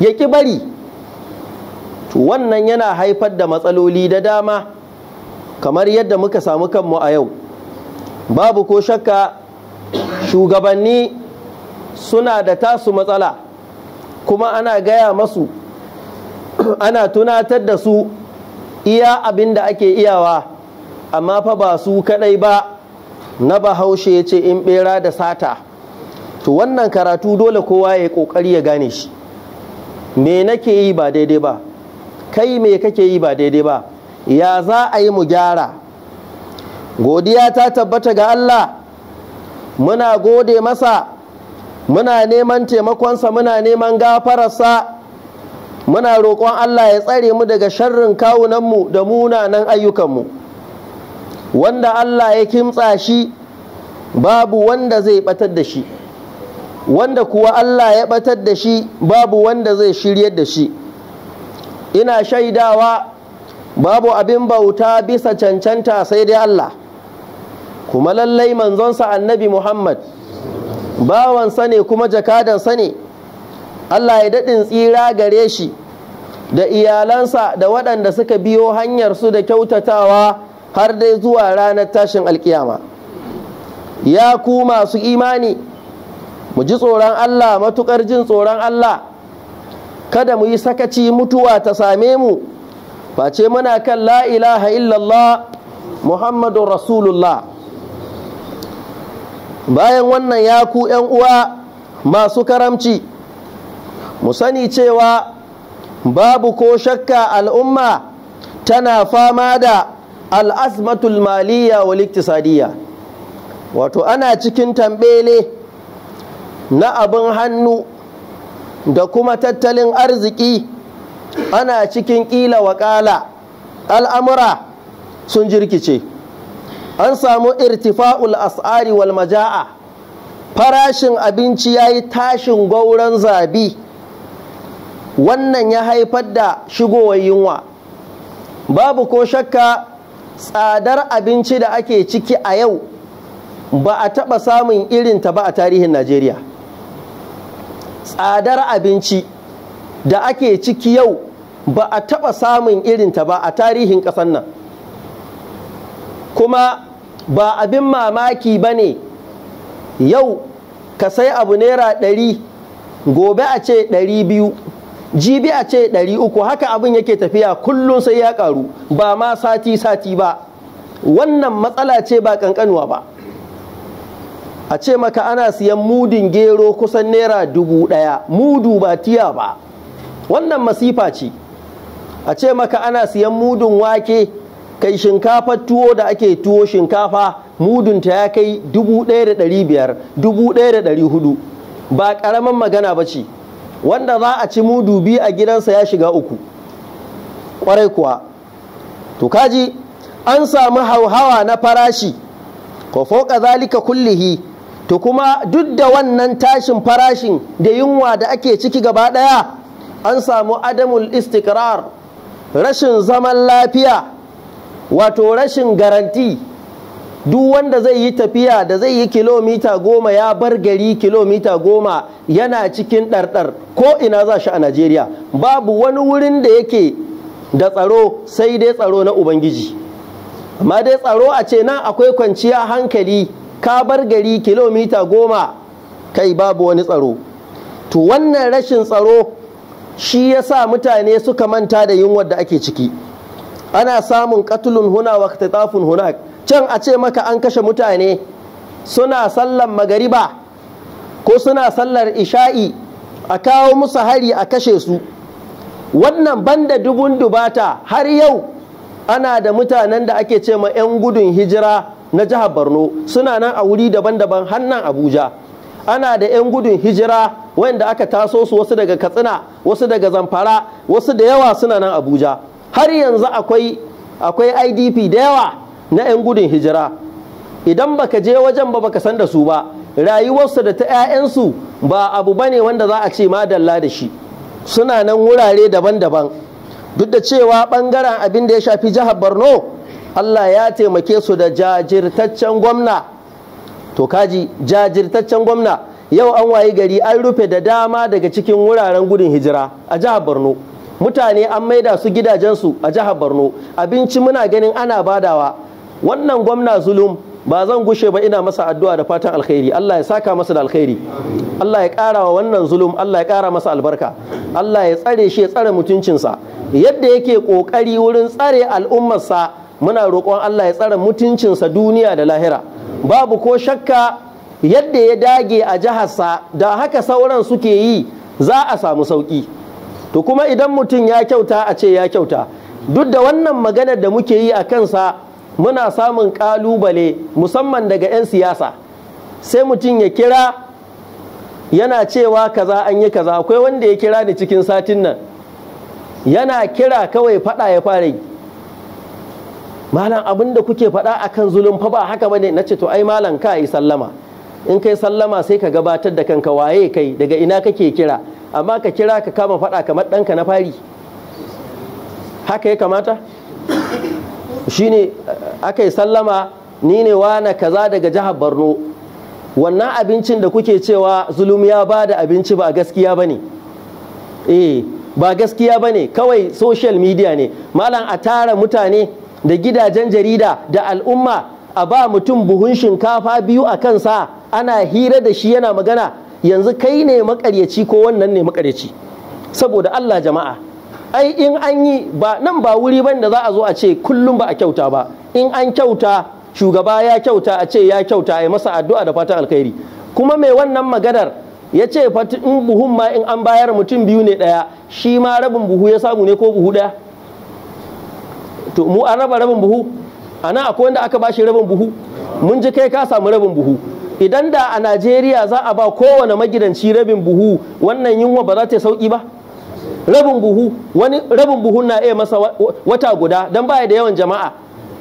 ya ki bari to wannan yana haifar da matsaloli da dama kamar yadda muka samu kanmu a yau babu ko shakka shugabanni suna da tasu matsala kuma ana gaya masu ana tunatar da su iya abin da ake iyawa amma fa ba su kadai ba na bahaushe ya ce in bera da sata to wannan karatu dole kowa ya kokari ya gane shi me nake yi ba daidai ba kai me kake yi ba daidai ba ya za a yi mu gyara godiya ta tabbata ga Allah muna gode masa muna neman taimakonsa muna neman gafararsa muna roƙon Allah ya tsare mu daga sharrin kawunanmu da munanan ayyukanmu wanda Allah ya kimtsa shi babu wanda zai batar da shi wanda kuwa Allah ya batar da shi babu wanda zai shiryar da shi ina shaidawa babu abin bauta bisa cancanta sai dai Allah kuma lallai manzonsa annabi Muhammad bawansa ne kuma jakadansa ne Allah ya daɗin tsira gare shi da iyalansa da waɗanda suka biyo hanyarsu da kyautatawa har dai zuwa ranar tashin alkiyama ya ku masu imani mu ji tsoron Allah matukar jin tsoron Allah kada mu yi sakaci mutuwa ta same mu face muna kan la ilaha illallah Muhammadu rasulullah bayan wannan ya ku uwa masu karamci mu sani cewa babu ko shakka al'umma tana fama da al'azmatul maliya wal iktisadiyya wato ana cikin tambele na abin hannu da kuma tattalin arziki ana cikin ƙila waƙala al'amura sun jirkice an samu irtifa'ul as'ari wal maja'a farashin abinci ya yi tashin gauran zabi wannan ya haifar da shigowar yunwa babu ko shakka tsadar abinci da ake ciki a yau ba a taɓa samun irinta ba a tarihin najeriya tsadar abinci da ake ciki yau ba a taɓa samun irinta ba a tarihin ƙasar nan kuma ba abin mamaki ba ne yau ka sai abu naira ɗari gobe a ce ɗari biyu jibi a ce ɗari uku haka abin yake tafiya kullum sai ya ƙaru ba ma sati-sati ba wannan matsala ce ba ƙanƙanuwa ba a ce maka ana siyan mudin gero kusan naira dubu ɗaya mudu ba tiya ba wannan masifa ce a ce maka ana siyan mudun wake kai shinkafar tuwo da ake tuwo shinkafa mudunta ya kai dubu ɗaya da ɗari biyar dubu ɗaya da ɗari hudu ba ƙaramin magana ba ce wanda za a ci mudu biyu a gidansa ya shiga uku ƙwarai kuwa to kaji an samu hauhawa na farashi ko foka zalika kullihi to kuma duk da wannan tashin farashin da yunwa da ake ciki gaba ɗaya an samu adamul istikrar rashin zaman lafiya wato rashin garanti duk wanda zai yi tafiya da zai yi kilomita goma ya bar gari kilomita goma yana cikin ɗarɗar ko ina za shi a najeriya babu wani wurin da yake da tsaro sai dai tsaro na ubangiji amma dai tsaro a ce nan akwai kwanciya hankali ka bar gari kilomita goma kai babu wani tsaro to wannan rashin tsaro shi ya sa mutane suka manta da yunwar da ake ciki ana samun katulun huna wa tafin huna can a ce maka an kashe mutane suna sallar magariba ko suna sallar isha'i a kawo musu hari a kashe su wannan banda dubun dubata har yau ana da mutanen da ake ce ma 'yan gudun hijira na jihar borno suna nan a wuri daban-daban hannan abuja ana da 'yan gudun hijira wanda aka taso su wasu daga katsina wasu daga zamfara wasu da yawa suna nan abuja har yanzu akwai akwai idp da yawa na 'yan gudun hijira idan baka je wajen ba baka san da su ba rayuwarsu da ta 'ya'yansu ba abu ba ne wanda za a ce ma madalla da shi suna nan wurare daban-daban duk da cewa ɓangaren abin da ya shafi jihar borno Allah ya taimake su da jajirtaccen gwamna to kaji jajirtaccen gwamna yau an wayi gari an rufe da dama daga cikin wuraren gudun hijira a jihar Borno mutane an maida su gidajensu a jihar Borno abinci muna ganin ana badawa wannan gwamna zulum ba zan gushe ba ina masa addu'a da fatan alkhairi Allah ya saka masa da alkhairi Allah ya kara wa wannan zulum Allah ya kara masa albarka Allah ya tsare shi ya tsare mutuncinsa yadda yake kokari wurin tsare al'ummarsa muna roƙon Allah ya tsara mutuncinsa duniya da lahira babu ko shakka yadda ya dage a jiharsa da haka sauran suke yi za a samu sauƙi to kuma idan mutum ya kyauta a ce ya kyauta duk da wannan maganar da muke yi a kansa muna samun ƙalubale musamman daga 'yan siyasa sai mutum ya kira yana cewa kaza an yi kaza akwai wanda ya kira ni cikin satin nan yana kira kawai faɗa ya fara yi malam abin da kuke faɗa akan zulun fa ba haka bane ce to ai malam ka yi sallama in kai sallama sai ka gabatar da kanka waye kai daga ina kake kira amma ka kira ka kama faɗa kamar ɗanka na fari haka ya kamata shine aka yi sallama ni ne na kaza daga jihar borno wannan abincin da kuke cewa zulum ya ba da abinci ba gaskiya ba ne eh, ba gaskiya ba ne kawai social media ne malam a tara mutane da gidajen jarida da al'umma a ba mutum buhun shinkafa biyu a kansa ana hira da shi yana magana yanzu kai ne makaryaci ko wannan ne makaryaci saboda Allah jama'a ai in an yi ba nan ba wuri ban da za a zo a ce kullum ba a kyauta ba in an kyauta shugaba ya kyauta a ce ya kyauta a yi masa addu'a da fatan alkhairi kuma mai wannan maganar ya ce in buhun ma in an bayar mutum biyu ne ɗaya shi ma rabin buhu ya samu ne ko buhu ɗaya to mu an raba rabin buhu ana akwai wanda aka bashi rabin buhu mun ji kai ka samu rabin buhu idan da a Najeriya za a ba kowane magidanci rabin buhu wannan yunwa ba za ta sauki ba rabin buhu wani rabin buhun na iya masa wata guda don baya da yawan jama'a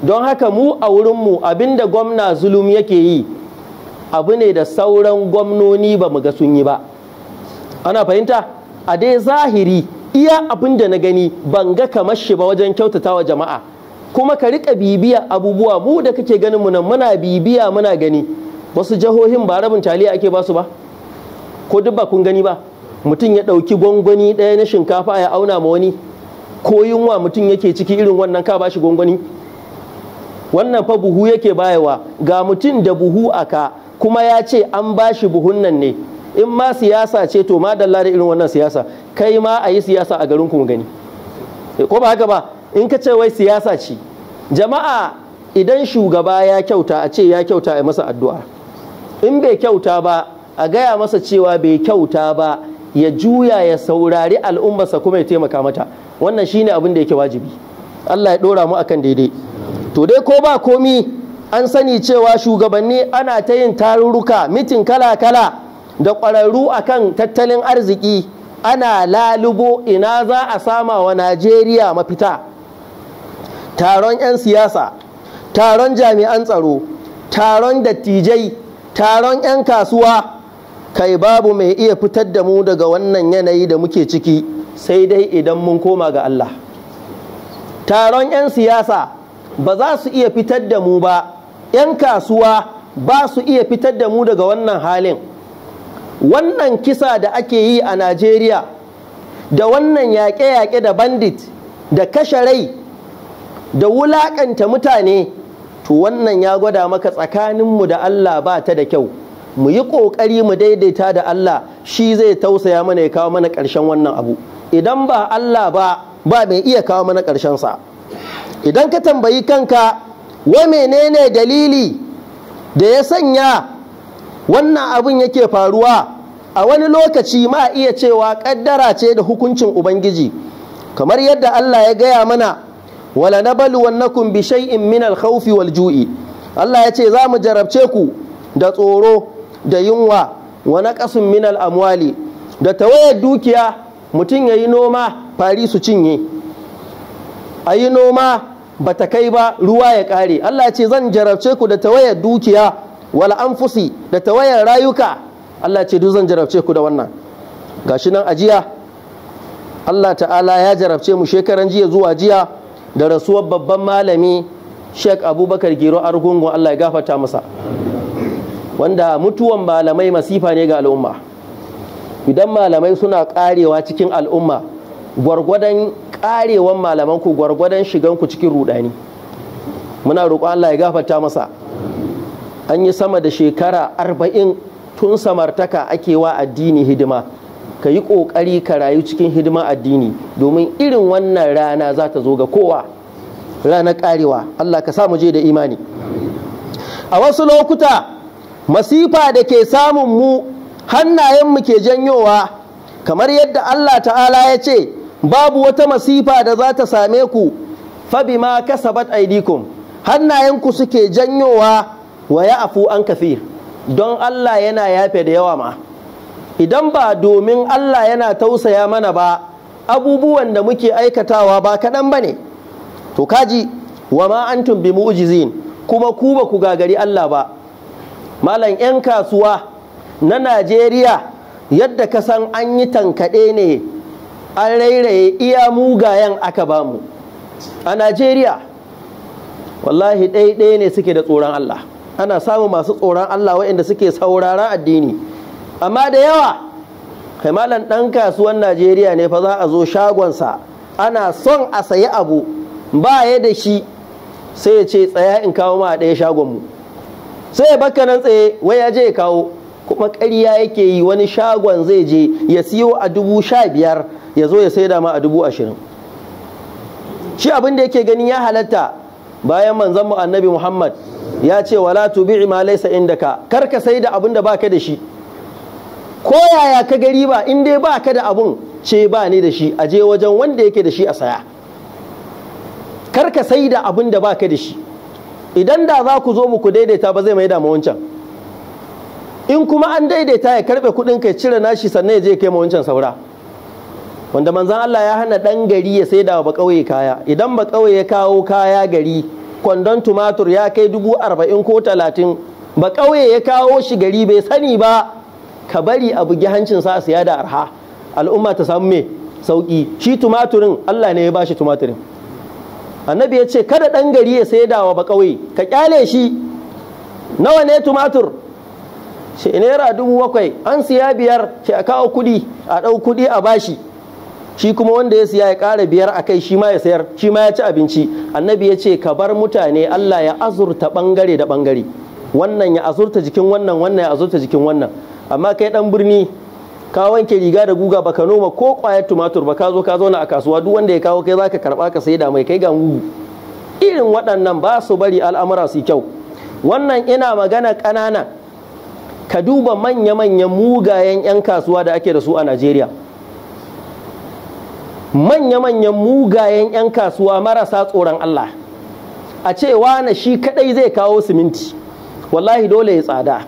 don haka mu a wurinmu abinda gwamna zulum yake yi abu ne da sauran gwamnoni ba mu ga sun yi ba ana fahimta a dai zahiri iya abin da na gani ban ga kamar shi ba wajen kyautata wa jama'a kuma ka riƙa bibiya abubuwa mu da kake ganin mu nan muna bibiya muna gani wasu jihohin ba rabin taliya ake basu ba ko duk ba kun gani ba mutum ya ɗauki gwangwani ɗaya na shinkafa ya auna ma wani ko yunwa mutum yake ciki irin wannan ka bashi gwangwani wannan fa buhu yake bayawa ga mutum da buhu aka kuma ya ce an bashi buhun nan ne in ma siyasa ce to ma dalla da irin wannan siyasa kai ma a yi siyasa a garin ku gani eh, ko ba haka ba in ka ce wai siyasa ce jama'a idan shugaba ya kyauta a ce ya kyauta a masa addu'a in bai kyauta ba a gaya masa cewa bai kyauta ba ya juya ya saurari al'ummarsa kuma ya taimaka mata wannan shine abin da yake wajibi Allah ya ɗora mu akan daidai to dai ko ba komi an sani cewa shugabanni ana ta yin tarurruka mitin kala-kala da ƙwararru akan tattalin arziki ana lalubo ina za a sama wa najeriya mafita taron 'yan siyasa taron jami'an tsaro taron dattijai taron 'yan kasuwa kai babu mai iya fitar da mu daga wannan yanayi da muke ciki sai dai idan mun koma ga allah taron 'yan siyasa ba za su iya fitar da mu ba 'yan kasuwa ba su iya fitar da mu daga wannan halin wannan kisa da ake yi a najeriya da wannan yaƙe-yaƙe da bandit da kashe rai da wulaƙanta mutane to wannan ya gwada maka tsakaninmu da allah ba ta da kyau mu yi ƙoƙari mu daidaita da allah shi zai tausaya mana ya kawo mana ƙarshen wannan abu idan ba allah ba ba mai iya kawo mana ƙarshensa idan ka tambayi kanka wa menene dalili da ya sanya wannan abin yake faruwa a wani lokaci ma iya cewa kaddara ce da hukuncin ubangiji kamar yadda Allah ya gaya mana wala na nabluwannakum bi shay'in min al wal ju'i Allah ya ce za mu jarabce ku da tsoro da yunwa wa naqasun min al-amwali da tawayar dukiya mutum yayi noma fari su cinye ayi noma bata kai ba ruwa ya kare Allah ya ce zan jarabce ku da tawayar dukiya an fusi da tawayar rayuka Allah ce duk zan jarabce ku da wannan gashi nan ajiya Allah ta'ala ya jarabce mu shekaran jiya zuwa jiya da rasuwar babban malami Sheikh Abubakar Gero Argungun Allah ya gafarta masa wanda mutuwan malamai masifa ne ga al'umma idan malamai suna karewa cikin al'umma gwargwadon karewan malamanku gwargwadon ku cikin rudani muna roƙon Allah ya gafarta masa an yi sama da shekara arba'in tun samartaka ake wa addini hidima ka yi ƙoƙari ka rayu cikin hidima addini domin irin wannan rana za ta zo ga kowa ranar ƙarewa Allah ka samu je da imani a wasu lokuta masifa da ke samun mu hannayenmu ke janyowa kamar yadda Allah ta'ala ya ce babu wata masifa da za ta same ku fabi ma kasabat aidikum hannayenku suke janyowa wa afu an kafir don Allah yana yafe da yawa ma idan ba domin Allah yana tausaya mana ba abubuwan da muke aikatawa ba kaɗan ba ne to kaji wa ma an tumbi mu'jizin kuma ku ba ku gagari Allah ba malam 'yan kasuwa na Najeriya yadda ka san an yi tankaɗe ne an rairaye iya mugayen aka bamu a Najeriya wallahi ɗaiɗaya ne suke da tsoron Allah ana samun masu tsoron Allah waɗanda suke saurara addini amma da yawa kai ɗan kasuwan Najeriya ne fa za a zo shagonsa ana son a sayi abu ba ya da shi sai ya ce tsaya in kawo ma a ɗaya shagon mu sai ya baka nan tsaye wai ya je ya kawo kuma ƙarya yake yi wani shagon zai je ya siyo a dubu sha biyar ya zo ya saida ma a dubu ashirin shi abin da yake ganin ya halatta bayan manzon mu annabi Muhammad ya ce wala tubi'i ma laysa indaka kar ka sai da abin da baka da shi ko yaya ka gari ba, in dai baka da abun ce ba ni da shi a je wajen wanda yake da shi a saya kar ka sai da abin da baka da shi idan da za ku zo muku daidaita ba zai mai da wancan in kuma an daidaita ya karbe kudin ka cire nashi sannan ya je kai ma wancan saura wanda manzan Allah ya hana ɗan gari ya saida wa bakauye kaya idan bakauye ya kawo kaya gari kwandon tumatur ya kai dubu arba'in ko talatin bakauye ya kawo shi gari bai sani ba ka bari a bugi hancin sa siya da arha al'umma ta samu me sauki shi tumaturin Allah ne ya bashi tumaturin annabi ya ce kada ɗan gari ya saida wa bakauye ka kyale shi nawa ne tumatur shi naira dubu bakwai an siya biyar shi a kawo kudi a ɗau kudi a bashi shi kuma wanda ya siya ya kara biyar a kai shi ma ya sayar shi ma ya ci abinci annabi ya ce ka bar mutane Allah ya azurta bangare da ɓangare wannan ya azurta jikin wannan wannan ya azurta jikin wannan amma kai ɗan birni ka wanke riga da guga baka noma ko ƙwayar tumatur ba ka zo ka zauna a kasuwa duk wanda ya kawo kai zaka karɓa ka da mai kai ga mu. irin waɗannan ba su bari al'amura su kyau wannan ina magana ƙanana ka duba manya-manyan mugayen 'yan kasuwa da ake da su a Najeriya. manya-manyan mugayen 'yan kasuwa marasa tsoron Allah a ce wane shi kadai zai kawo siminti wallahi dole ya tsada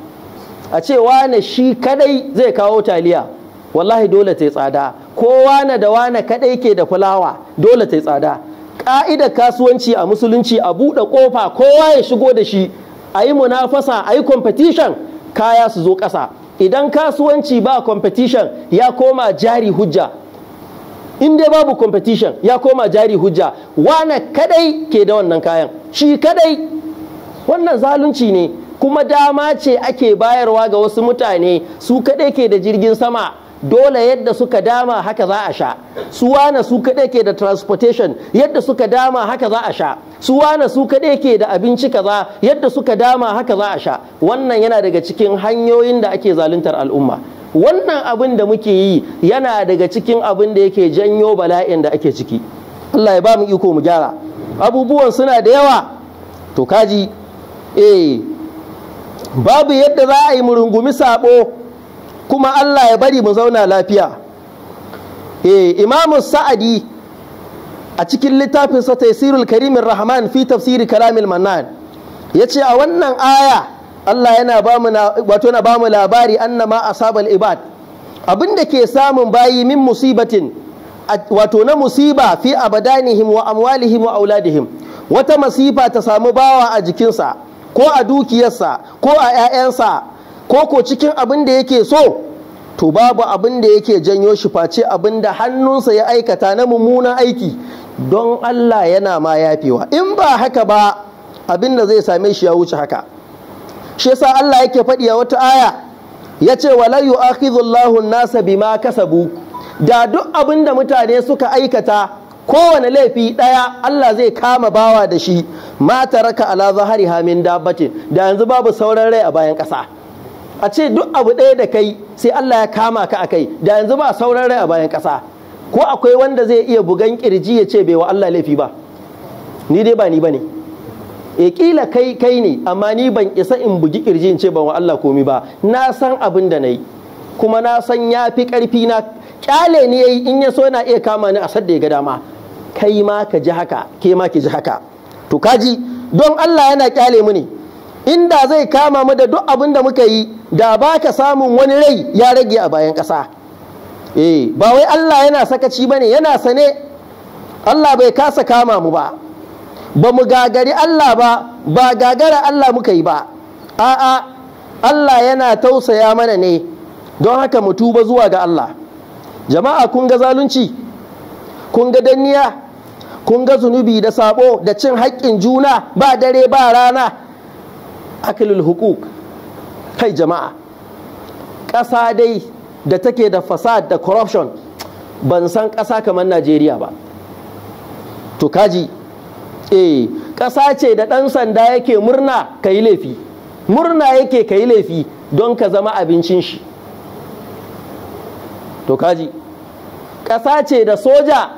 a ce wane shi kadai zai kawo taliya wallahi dole ta tsada ko wane da wane kadai ke da fulawa dole ta tsada ƙa'idar kasuwanci a musulunci a buɗe ƙofa kowa ya shigo da shi a yi munafasa a yi competition kaya su zo ƙasa idan kasuwanci ba competition ya koma jari hujja in dai babu competition ya koma jari hujja wane kadai ke da wannan kayan shi kadai wannan zalunci ne kuma dama ce ake bayarwa ga wasu mutane su kadai ke da jirgin sama dole yadda suka dama haka za a sha su wane su kadai ke da transportation yadda suka dama haka za a sha su wane su kadai ke da abinci kaza yadda suka dama haka za a sha wannan yana daga cikin hanyoyin da ake zaluntar al'umma wannan abin da muke yi yana daga cikin abin da yake janyo bala'in da ake ciki Allah ya ba mu iko mu gyara abubuwan suna da yawa to kaji eh babu yadda za a yi mu rungumi sabo kuma Allah ya bari mu zauna lafiya eh imamu sa'adi a cikin littafinsa tafsirul karimin rahman fi tafsiri kalamil mannan ce a wannan aya Allah yana ba mu wato yana ba mu labari annama asabal ibad abinda ke samun bayi min musibatin wato na musiba fi abadanihim wa amwalihim wa auladihim wata masifa ta samu bawa a jikinsa ko a dukiyarsa ko a 'ya'yansa ko ko cikin abin da yake so to babu abin da yake janyo shi face abin da hannunsa ya aikata na mummunan aiki don Allah yana ma yafewa in ba haka ba abin da zai same shi ya wuce haka shi yasa Allah yake faɗi a wata aya ya ce wala yu'akhidhu Allahu an-nasa bima kasabu da duk abin da mutane suka aikata kowane laifi ɗaya Allah zai kama bawa da shi ma taraka ala zahari hamin dabbati da yanzu babu sauran rai a bayan ƙasa a ce duk abu ɗaya da kai sai Allah ya kama ka a kai da yanzu ba sauran rai a bayan ƙasa ko akwai wanda zai iya bugan kirji ya ce bai wa Allah laifi ba ni dai ba ni ba ya eh, kila kai kai ne amma ni ban isa in bugi kirji in ce ban wa Allah komi ba na san abin da na yi kuma na san ya fi ƙarfi na kyale ni yayi in ya so yana iya kama ni a sadda ya ga dama kai ma ka ji haka ke ma ki ji haka to kaji don Allah yana kyale mu ne inda zai kama mu da duk abin da muka yi da baka samun wani rai ya rage a bayan ƙasa eh ba wai Allah yana sakaci bane yana sane Allah bai kasa kama mu ba ba mu gagari Allah ba ba gagara Allah muka yi ba a'a Allah yana tausaya mana ne don haka mu tuba zuwa ga Allah jama'a kun ga zalunci kun ga danniya kun ga zunubi da sabo da cin haƙƙin juna ba dare ba rana akilul hukuk kai jama'a ƙasa dai da take da fasad da corruption ban san ƙasa kamar najeriya ba to kaji eh ƙasa ce da ɗan sanda yake murna ka yi laifi murna yake ka yi laifi don ka zama abincin shi to kaji ƙasa ce da soja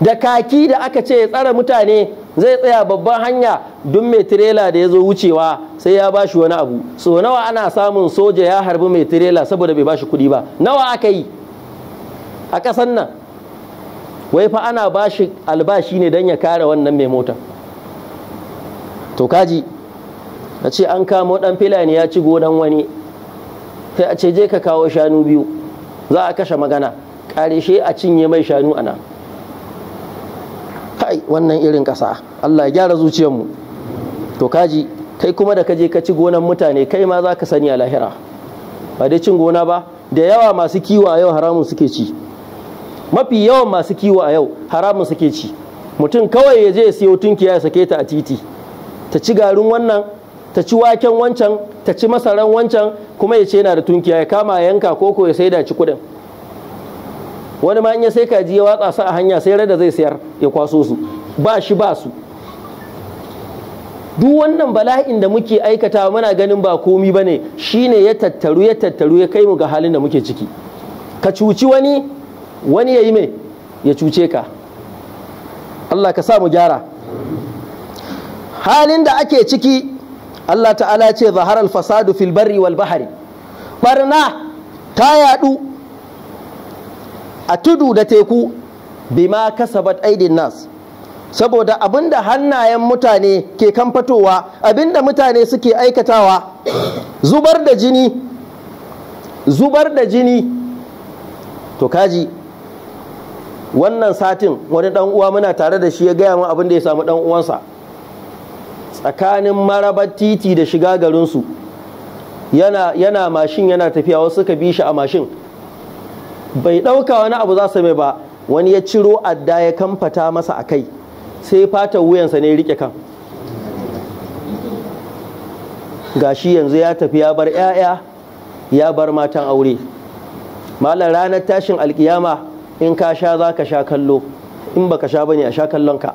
da kaki da aka ce ya tsara mutane zai tsaya babban hanya don mai tirela da ya zo wucewa sai ya ba shi wani abu so nawa ana samun soja ya harbi mai tirela saboda bai ba shi kuɗi ba nawa aka yi a ƙasan nan wai fa ana ba shi albashi ne don ya kare wannan mai mota to kaji a ce an kamo dan filani ya ci gonan wani sai a ce je ka kawo shanu biyu za a kashe magana ƙarshe a cinye mai shanu ana kai wannan irin ƙasa Allah ya gyara zuciyarmu to kaji kai kuma da kaje ka ci gonan mutane kai ma za ka sani a lahira ba dai cin gona ba da yawa masu kiwo a yau haramun suke ci mafi yawan masu kiwo a yau haramun suke ci mutum kawai ya je ya siyo tunkiya ya sake ta a titi ta ci garin wannan ta ci waken wancan ta ci masaran wancan kuma ya ce yana da tunkiya ya kama yanka ko ya saida ci kudin wani ma in ya sai kaji ya watsa su a hanya sai rada zai sayar ya kwaso su ba shi ba su duk wannan bala'in da muke aikata muna ganin ba komi bane shine ya tattaru ya tattaru ya kai mu ga halin da muke ciki ka cuci wani wani ya yi mai ya cuce ka Allah ka sa gyara halin da ake ciki Allah ta'ala ce zahar al-fasadu fil barri wal bahari barna ta yadu a tudu da teku bima kasabat aidin nas saboda abinda hannayen mutane ke kan fitowa abinda mutane suke aikatawa zubar da jini zubar da jini to kaji wannan satin wani dan uwa muna tare da shi ya gaya min abin da ya samu dan uwansa tsakanin marabar titi da shiga garinsu yana yana mashin yana tafiya wasu suka bi shi a mashin bai ɗauka wani abu za su mai ba wani ya ciro adda ya kamfata masa a kai sai fatan wuyansa ne rike kan gashi yanzu ya tafi ya bar 'ya'ya ya bar matan aure malar ranar tashin alkiyama in ka sha za ka sha kallo in ba ka sha bane a sha kallon ka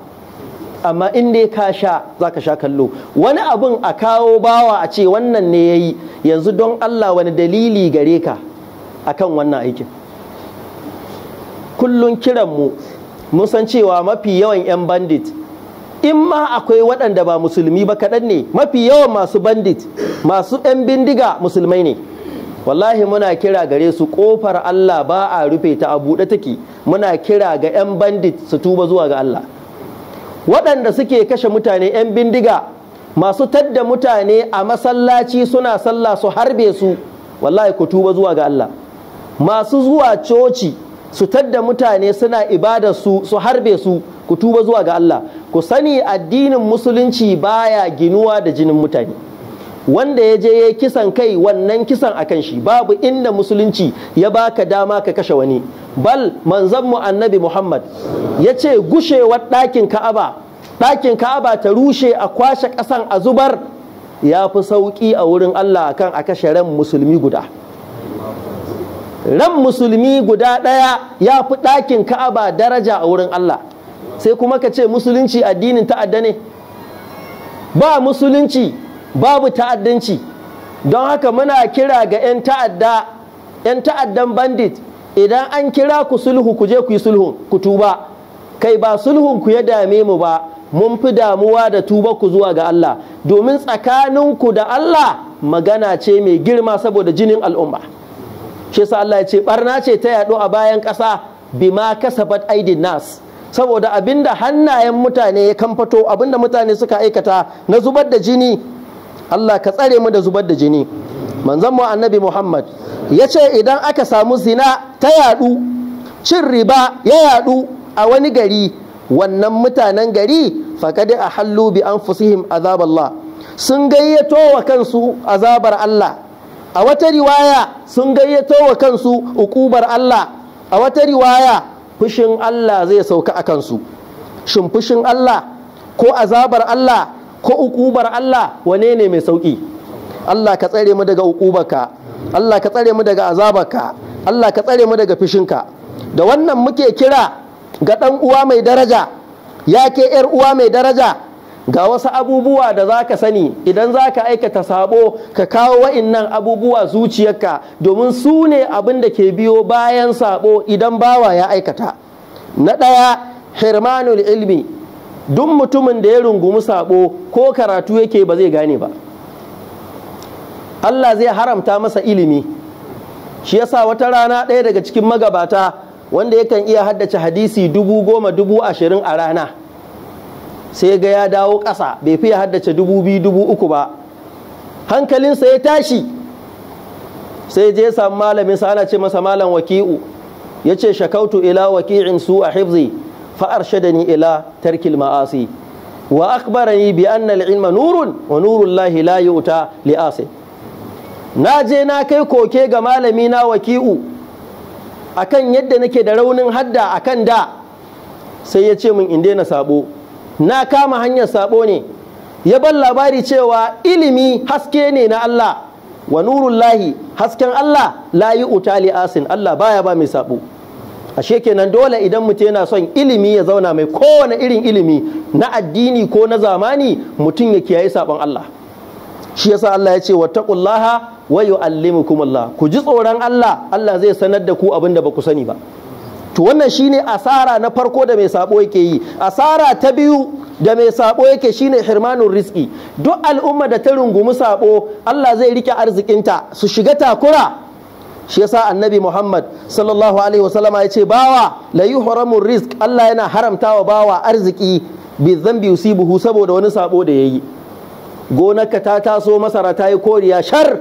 amma in dai ka sha za ka sha kallo wani abun a kawo bawa a ce wannan ne ya yi yanzu don Allah wani dalili gare ka akan wannan aikin Kullum kiranmu mun san cewa mafi yawan 'yan bandit in ma akwai waɗanda ba musulmi ba kaɗan ne mafi yawan masu bandit masu 'yan bindiga musulmai ne wallahi muna kira gare su kofar Allah ba a rufe ta a buɗe take muna kira ga 'yan bandit su tuba zuwa ga Allah waɗanda suke kashe mutane 'yan bindiga masu tadda mutane a masallaci suna sallah su harbe su wallahi ku tuba zuwa ga Allah masu zuwa coci su tadda mutane suna ibadar su su harbe su ku tuba zuwa ga Allah ku sani addinin musulunci baya ginuwa da jinin mutane wanda ya je ya kisan kai wannan kisan a kan shi babu inda musulunci ya baka dama ka kashe wani bal manzon mu annabi Muhammad ya ce gushewar ɗakin Ka'aba ɗakin Ka'aba ta rushe a kwashe ƙasan a zubar ya fi sauƙi a wurin Allah kan a kashe ran musulmi guda ran musulmi guda ɗaya ya fi ɗakin Ka'aba daraja a wurin Allah sai kuma ka ce musulunci addinin ta'adda ne ba musulunci babu ta'addanci don haka muna kira ga 'yan ta'adda 'yan ta'addan bandit idan an kira ku sulhu ku je ku yi sulhu ku tuba kai ba sulhun ku ya dame mu ba mun fi damuwa da tuba ku zuwa ga Allah domin tsakaninku da Allah magana ce mai girma saboda jinin al'umma shi sa Allah ya ce barna ce ta yaɗo a bayan ƙasa bima kasabat aidin nas saboda abinda hannayen mutane ya kamfato abinda mutane suka aikata na zubar da jini Allah ka tsare mu da zubar da jini manzon mu annabi Muhammad ya ce idan aka samu zina ta yadu cin riba ya yadu a wani gari wannan mutanen gari faƙaɗi a hallu bi an fusihim azaballah sun gayyato wa kansu azabar Allah a wata riwaya sun gayyato wa kansu ukubar Allah a wata riwaya fushin Allah zai sauka a kansu shin fushin Allah ko azabar Allah ko ukubar Allah wane ne mai sauki Allah ka tsare mu daga ukubarka Allah ka tsare mu daga azabarka Allah ka tsare mu daga fishinka da wannan muke kira ga ɗan uwa mai daraja ya ke ‘yar uwa mai daraja ga wasu abubuwa da za ka sani idan za ka aikata sabo ka kawo wa'innan abubuwa zuciyarka domin su ne abin da ke biyo bayan sabo idan bawa ya aikata na ɗaya hirmanul ilmi duk mutumin da ya rungumi sabo ko karatu yake ba zai gane ba Allah zai haramta masa ilimi shi yasa wata rana ɗaya daga cikin magabata wanda yakan iya haddace hadisi dubu goma dubu ashirin a rana sai ga ya dawo ƙasa bai fiye haddace dubu biyu dubu uku ba hankalinsa ya tashi sai je samu malamin sa ana ce masa malam waki'u ya ce shakautu ila waki'in su a hifzi فأرشدني إلى ترك المعاصي وأخبرني بأن العلم نور ونور الله لا يؤتى لآسي kai koke ga malami na waki'u akan yadda nake da raunin hadda akan da sai ya ce min in daina sabo na kama hanyar sabo ne ya ban labari cewa ilimi haske ne na Allah wa nurullahi hasken Allah la yi utali asin Allah baya ba mai sabo ashe kenan dole idan mutum yana son ilimi ya zauna mai kowane irin ilimi na addini ko na zamani mutum ya kiyaye sabon Allah shi yasa Allah ya ce wattaqullaha wa yu'allimukum Allah ku ji tsoron Allah Allah zai sanar da ku abin da ku sani ba to wannan shine asara na farko da mai sabo yake yi asara ta biyu da mai sabo yake shine hirmanun riski duk al'umma da ta rungumi sabo Allah zai rike arzikinta su shiga takura shi yasa annabi muhammad sallallahu alaihi wasallama ya ce bawa la haramun rizq allah yana haramta wa bawa arziki bi zambi usibuhu saboda wani sabo da yayi gonarka ta taso masara ta yi koriya shar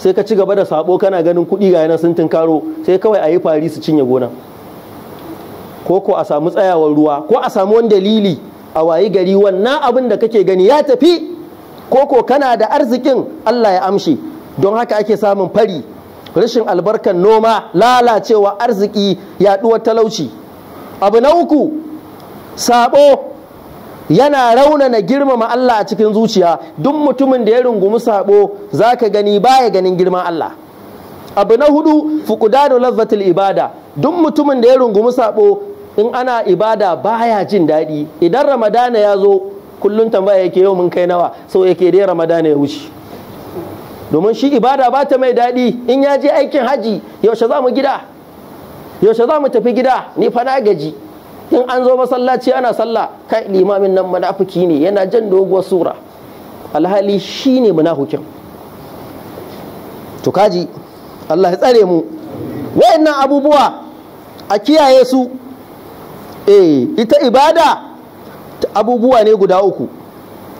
sai ka ci gaba da sabo kana ganin kuɗi ga yana sun tunkaro sai kawai a yi fari su cinye gona ko ko a samu tsayawar ruwa ko a samu wani dalili a wayi gari wannan abin da kake gani ya tafi ko ko kana da arzikin Allah ya amshi don haka ake samun fari rashin albarkan noma lalacewa arziki yaduwar talauci abu na uku sabo yana raunana girmama Allah a cikin zuciya duk mutumin da ya rungumi sabo zaka gani baya ganin girman Allah abu na hudu fuqdanu lazzatul ibada duk mutumin da ya rungumi sabo in ana ibada baya jin daɗi idan ramadana ya zo kullum tambaya yake yau mun kai nawa sau yake dai ramadana ya wuce domin shi ibada ba ta mai daɗi in ya je aikin haji yaushe za mu gida yaushe za mu tafi gida ni fa na gaji in an zo masallaci ana sallah kai limamin nan munafiki ne yana jan doguwar sura alhali shi ne munafikin to kaji Allah ya tsare mu wayannan abubuwa a kiyaye su eh ita ibada abubuwa ne guda uku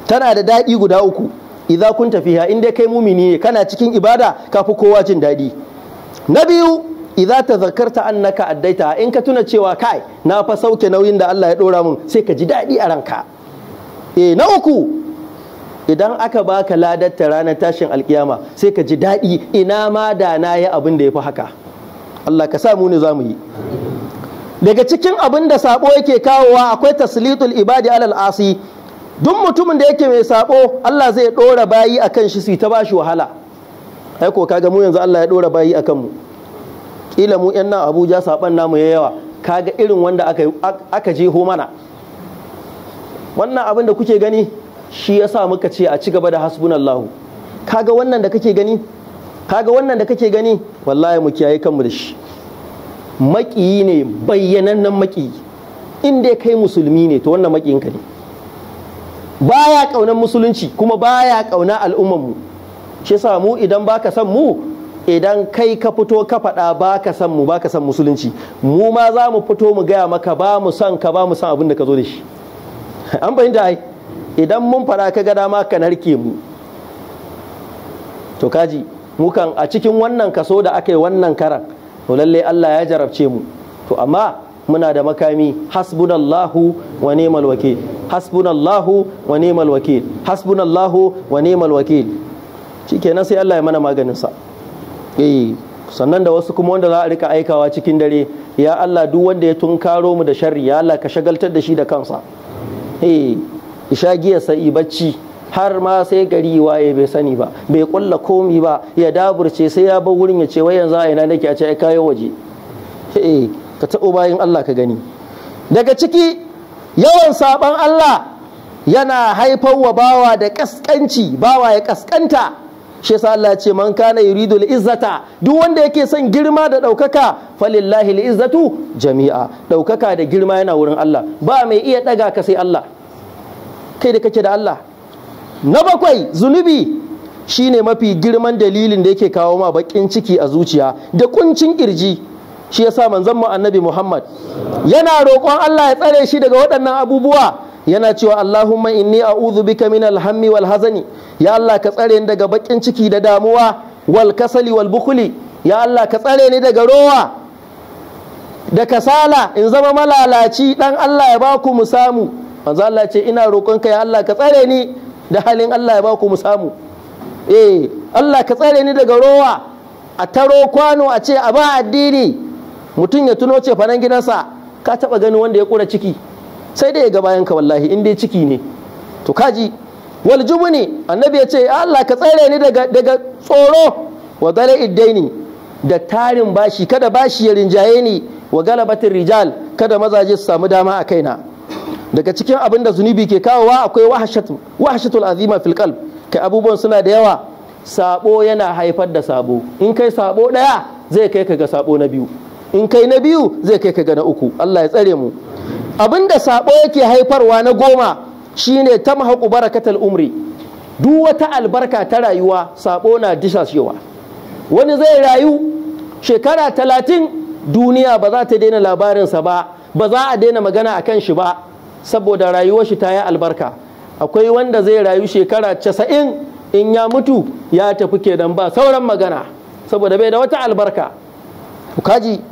tana da daɗi guda uku idza kunta fiha in kai mumini ne kana cikin ibada kafi kowa jin daɗi na biyu idza tazakkarta annaka addaita in ka tuna cewa kai na fa sauke nauyin da Allah ya dora mun sai ka ji daɗi a ranka eh na uku idan aka baka ta ranar tashin alkiyama sai ka ji daɗi ina ma da na yi abin da ya fi haka Allah ka sa mu ne za mu yi daga cikin abin da sabo yake kawowa akwai taslitul ibadi alal asi duk mutumin da yake mai sabo Allah zai dora bayi akan shi su ta bashi wahala ai ko kaga mu yanzu Allah ya dora bayi a kanmu kila mu yan nan Abuja saban namu ya yawa kaga irin wanda aka aka jeho mana wannan abin da kuke gani shi yasa muka ce a ci gaba da hasbunallahu kaga wannan da kake gani kaga wannan da kake gani wallahi mu kiyaye kanmu da shi maƙiyi ne bayyanannen maƙiyi in dai kai musulmi ne to wannan maƙiyinka ne baya kaunar musulunci kuma baya kauna al'ummar mu shi yasa mu idan baka san mu idan kai ka fito ka faɗa ba ka san mu ba ka san musulunci mu ma za mu fito mu gaya maka ba mu san ka ba mu san abin da ka zo da shi an fahimta ai idan mun faɗa ka ga dama ka narke mu to kaji mu kan a cikin wannan kaso da aka yi wannan karan to lalle Allah ya jarabce mu to amma muna da makami hasbunallahu wa ni'mal wakil hasbunallahu wa ni'mal wakil hasbunallahu wa ni'mal wakil shikenan sai Allah ya mana maganin sa eh sannan da wasu kuma wanda za a rika aikawa cikin dare ya Allah duk wanda ya tunkaro mu da sharri ya Allah ka shagaltar da shi da kansa eh isha giya sai bacci har ma sai gari waye bai sani ba bai kulla komi ba ya daburce sai ya bar wurin ya ce wai yanzu a ina nake a ce ai kayo waje eh, ka taɓo bayan Allah ka gani daga ciki yawan saɓan Allah yana haifar wa bawa da ƙasƙanci bawa ya ƙasƙanta shi yasa Allah ce man kana yuridu izzata duk wanda yake son girma da ɗaukaka, falillahi al-izzatu jami'a Ɗaukaka da girma yana wurin Allah ba mai iya ɗaga ka sai Allah kai da kake da Allah na bakwai zunubi shine mafi girman dalilin da yake kawo ma baƙin ciki a zuciya da kuncin ƙirji. shi ya sa manzan mu annabi Muhammad yana roƙon Allah ya tsare shi daga waɗannan abubuwa yana cewa Allahumma inni a'udhu bika min alhammi wal hazani ya Allah ka tsare ni daga bakin ciki da damuwa wal kasali wal bukhli ya Allah ka tsare ni daga rowa da kasala in zama malalaci dan Allah ya baku mu samu manzan Allah ce ina roƙon ka ya Allah ka tsare ni da halin Allah ya baku mu samu eh Allah ka tsare ni daga rowa a taro kwano a ce a ba addini mutum ya tuno ce fanan gidansa ka taba gani wanda ya kura ciki sai dai ya ga bayan ka wallahi in dai ciki ne to kaji wal jubni annabi ya ce Allah ka tsare ni daga daga tsoro wa dala'i iddaini da tarin bashi kada bashi ya rinjaye ni wa galabatin rijal kada mazaje su samu dama a kaina daga cikin abin da zunubi ke kawowa akwai wahashatu wahashatul azima fil qalb kai abubuwan suna da yawa sabo yana haifar da sabo in kai sabo daya zai kai ka ga sabo na biyu in kai na biyu zai kai ka ga na uku Allah ya tsare mu abinda sabo yake haifarwa na goma shine ta mahaƙu barakatal umri duk wata albarka ta rayuwa sabo na disashewa wani zai rayu shekara talatin duniya ba za ta daina labarinsa ba ba za a daina magana a kan shi ba saboda rayuwar shi ta yi albarka akwai wanda zai rayu shekara casa'in in ya mutu ya tafi kenan ba sauran magana saboda bai da wata albarka kaji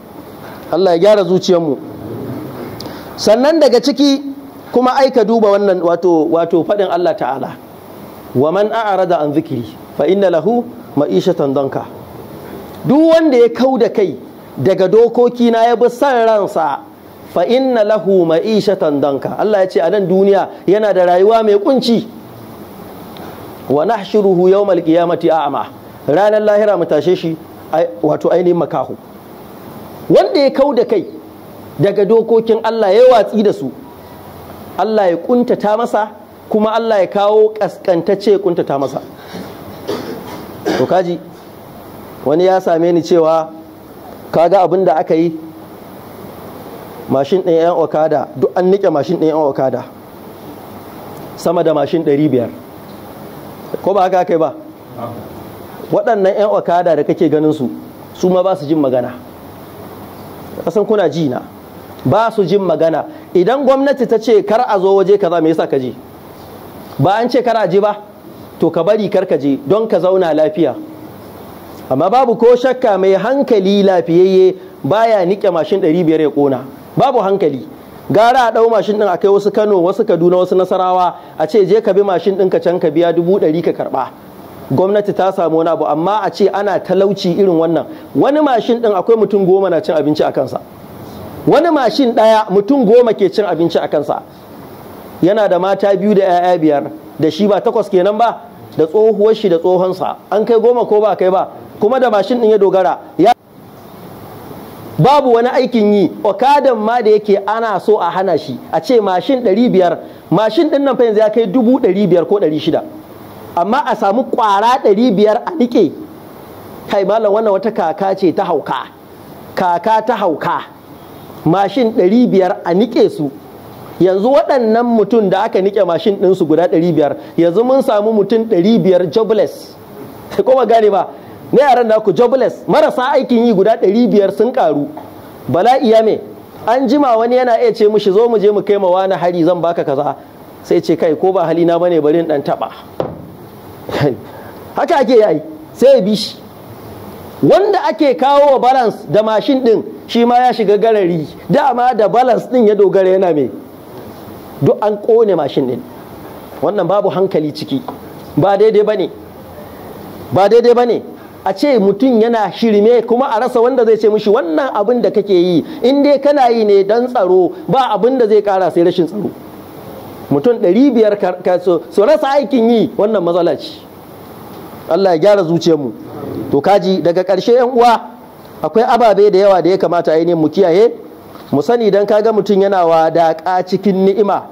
Allah ya gyara zuciyarmu sannan daga ciki kuma aika duba wannan wato wato faɗin Allah ta'ala wa man a'rada an zikiri fa inna lahu ma'ishatan danka duk wanda ya kau da kai daga dokoki na ya bi san ransa fa inna lahu ma'ishatan danka Allah ya ce a nan duniya yana da rayuwa mai kunci wa nahshuruhu yawmal qiyamati a'ma ranar lahira mu tashe shi wato ainihin makahu wanda ya kau da kai daga dokokin Allah ya watsi da su Allah ya kuntata masa kuma Allah ya kawo kaskantacce ya kuntata masa to kaji wani ya same ni cewa kaga abin da aka yi mashin ɗin 'yan okada duk an nike mashin ɗin 'yan okada sama da mashin 500 ko ba haka kai ba waɗannan 'yan okada da kake ganin su su ma ba su jin magana kasan kuna ji na ba su jin magana idan gwamnati ta ce kar a zo waje kaza me yasa ka ji ba an ce kar a ji ba to ka bari kar ka je don ka zauna lafiya amma babu ko shakka mai hankali lafiyayye baya nike mashin 500 ya kona babu hankali gara a ɗau mashin ɗin a kai wasu kano wasu kaduna wasu nasarawa a ce je ka bi mashin ɗin ka can ka biya dubu ɗari ka karɓa gwamnati ta samu wani abu amma a ce ana talauci irin wannan wani mashin ɗin akwai mutum goma na cin abinci a kansa wani mashin ɗaya mutum goma ke cin abinci a kansa yana da mata biyu da 'ya'ya biyar da shi ba takwas kenan ba da tsohuwar shi da tsohonsa an kai goma ko ba kai ba kuma da mashin ɗin ya dogara ya babu wani aikin yi okadan ma da yake ana so a hana shi a ce mashin 500 mashin din nan fa ya kai 500 ko 600 amma a samu kwara ɗari biyar a nike kai malam wannan wata kaka ce ta hauka kaka ta hauka mashin ɗari biyar a nike su yanzu waɗannan mutum da aka nike mashin ɗinsu guda ɗari biyar yanzu mun samu mutum ɗari biyar jobless kuma gane ba na yaran da ku jobless marasa aikin yi guda ɗari biyar sun karu Bala ya me an jima wani yana iya ce mushi zo mu je mu kai ma wani hari zan baka kaza sai ce kai ko ba halina bane bari in ɗan taɓa haka ake yi sai ya bi shi wanda ake kawo wa balance da mashin din shi ma ya shiga garari dama da balance din ya dogara yana mai duk an kone mashin din wannan babu hankali ciki ba daidai ba ne ba daidai ba ne a ce mutum yana shirme kuma a rasa wanda zai ce mishi wannan abin da kake yi in dai kana yi ne don tsaro ba abin da zai kara sai rashin tsaro mutum ɗari ka so rasa aikin yi wannan matsala ce Allah ya gyara zuciyarmu to kaji daga ƙarshe yan uwa akwai ababe da yawa da ya kamata ainihin mu kiyaye mu sani dan ga mutum yana wa wadaƙa cikin ni'ima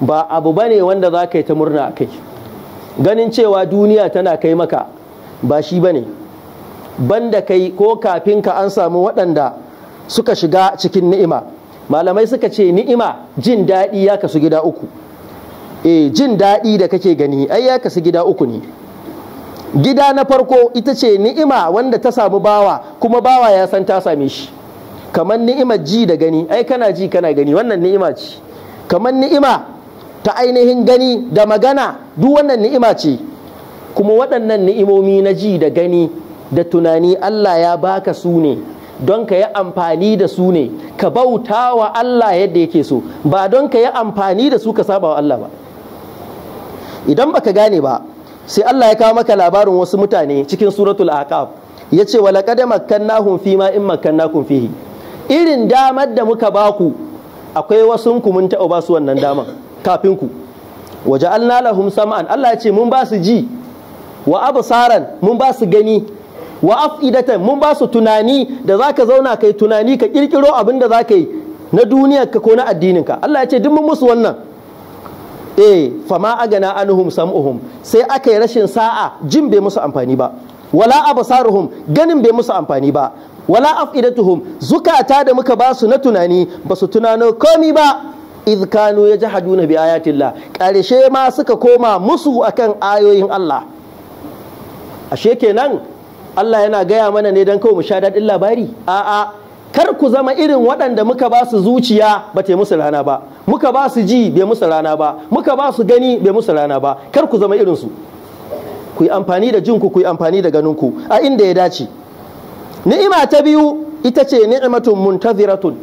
ba abu bane wanda za ka yi ta murna a kai ganin cewa duniya tana kai maka ba shi bane banda kai ko kafin ka an samu waɗanda suka shiga cikin ni'ima malamai suka ce ni'ima jin daɗi ya kasu gida uku e jin daɗi da kake gani ai ya kasu gida uku ne gida na farko ita ce ni'ima wanda ta samu bawa kuma bawa ya san ta same shi kamar ni'imar ji da gani ai kana ji kana gani wannan ni'ima ce kamar ni'ima ta ainihin gani da magana duk wannan ni'ima ce kuma waɗannan ni'imomi na ji da gani da tunani Allah ya baka su ne don ka yi amfani da su ne ka bauta wa Allah yadda yake so ba don ka yi amfani da su ka saba wa Allah ba idan baka gane ba sai Allah ya kawo maka labarin wasu mutane cikin suratul ya yace wa laqad makkannahum fi ma in makkannakum fihi irin damar da muka baku akwai wasun ku mun taɓa basu wannan damar kafin ku wa ja'alna lahum sam'an Allah ya ce mun ba ji wa absaran mun ba gani wa af'idatan mun basu tunani da zaka zauna kai tunani ka kirkiro abin da zaka yi na ka ko na addininka Allah ya ce duk mun musu wannan eh fama agana anuhum sam'uhum sai aka rashin sa'a jin bai musu amfani ba wala absaruhum ganin bai musu amfani ba wala afidatuhum zukata da muka ba su na tunani ba su tunano komi ba idh kanu yajhaduna bi ayatillah karshe ma suka koma musu akan ayoyin Allah ashe kenan Allah yana gaya mana ne dan kawai mu sha daɗin labari a'a kar ku zama irin waɗanda muka ba su zuciya ba ta musu rana ba muka ba su ji bai musu rana ba muka ba su gani bai musu rana ba kar ku zama irinsu ku yi amfani da jinku ku yi amfani da ganinku a inda ya dace ni'ima ta biyu ita ce ni'imatun muntaziratun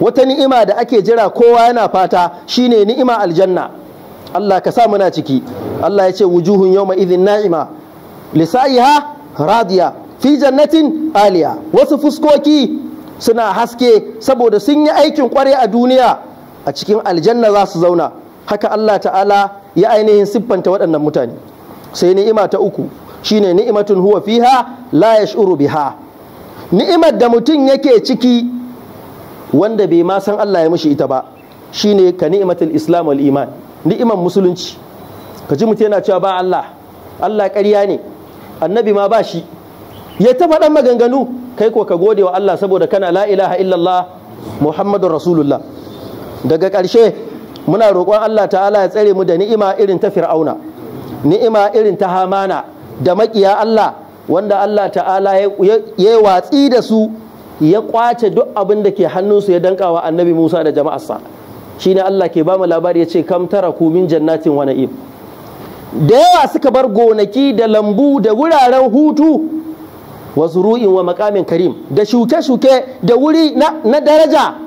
wata ni'ima da ake jira kowa yana fata shine ni'ima aljanna Allah ka sa muna ciki Allah ya ce wujuhun yawma idhin na'ima lisaiha radiya fi jannatin aliya wasu fuskoki suna haske saboda sun yi aikin kware a duniya a cikin aljanna za su zauna haka Allah ta'ala ya ainihin siffanta waɗannan mutane sai ni'ima ta uku shine ni'imatun huwa fiha la yash'uru biha ni'imar da mutum yake ciki wanda bai ma san Allah ya mishi ita ba shine ka ni'imatul islam wal iman ni'imar musulunci ka ji mutum yana cewa ba Allah Allah ƙarya ne annabi ma ba shi ya ta faɗan maganganu kai ko ka gode wa Allah saboda kana la'ilaha ilaha illallah muhammadun rasulullah daga ƙarshe muna roƙon Allah ta'ala ya tsare mu da ni'ima irin ta fir'auna ni'ima irin ta hamana da maƙiya Allah wanda Allah ta'ala ya watsi da su ya ƙwace duk abin da ke hannunsu ya danka wa annabi Musa da jama'arsa Shi ne Allah ke ba mu labari ya ce kam ku min jannatin wa na'im da yawa suka bar gonaki da lambu da wuraren hutu wa zuru'in wa makamin karim da shuke-shuke da wuri na, daraja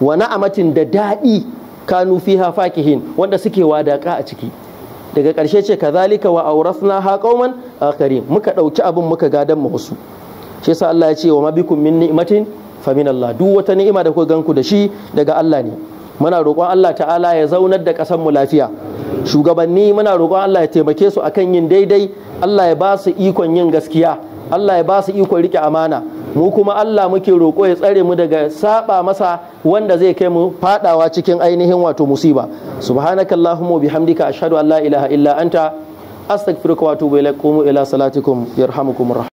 wa na'amatin da daɗi kanu fiha fakihin wanda suke wadaka a ciki daga ƙarshe ce kazalika wa aurasna ha qauman akharin muka ɗauki abin muka gadan mu wasu shi yasa Allah ya ce wa mabikum min ni'matin fa min Allah duk wata ni'ima da ku ganku da shi daga Allah ne muna roƙon Allah ta'ala ya zaunar da ƙasar mu lafiya shugabanni muna roƙon Allah ya taimake su akan yin daidai Allah ya ba su ikon yin gaskiya Allah ya ba su ikon rike amana mu kuma Allah muke roƙo ya tsare mu daga saba masa wanda zai kai mu fadawa cikin ainihin wato musiba subhanakallahumma bihamdika ashhadu an la ilaha illa anta astaghfiruka wa atubu ilaik ila salatikum yarhamukumur